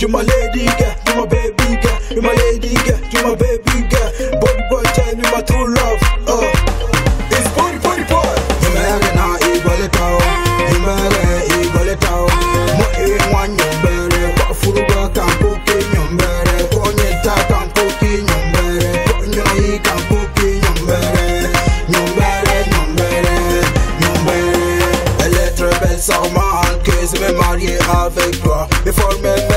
You my lady girl, you my baby girl, you my lady girl, you my baby girl. Body boy, tell me my true love. Oh, it's body body boy. You better not equal to out. You better equal it out. Mo e one you better, what full work and cooking you better. number. on your tap not cooking you better. Go on your eat and cooking you better. You better, you better, you better. Electric bells on my hand, case me marié avec toi. Before me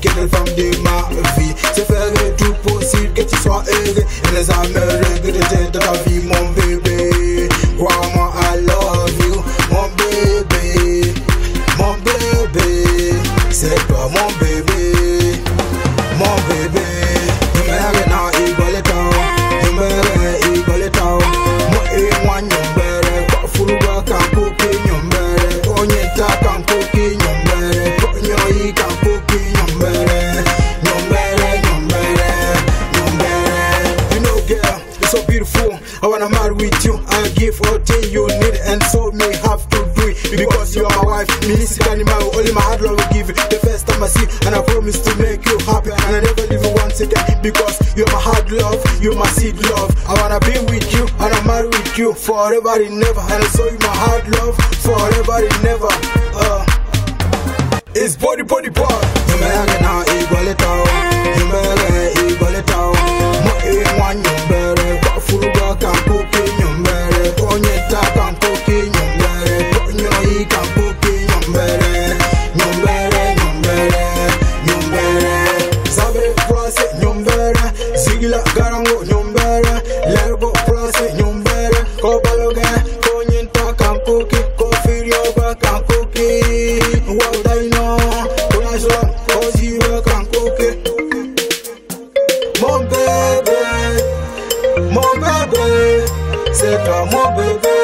quelle est femme de ma vie. C'est faire tout possible que tu sois heureux. Et les jamais regretter de ta vie, mon bébé. Crois-moi, I love you, mon bébé. Mon bébé, c'est toi mon bébé. with you I give all day you need and so me have to do it Because you are my wife, me this animal, only my heart love will give you The first time I see and I promise to make you happy And I never leave you once again because you're my hard love, you're my seed love I wanna be with you and I'm married with you forever and never And I saw you my hard love forever and never uh, It's body body part what do I know? cause you work mon bébé, c'est toi mon bébé.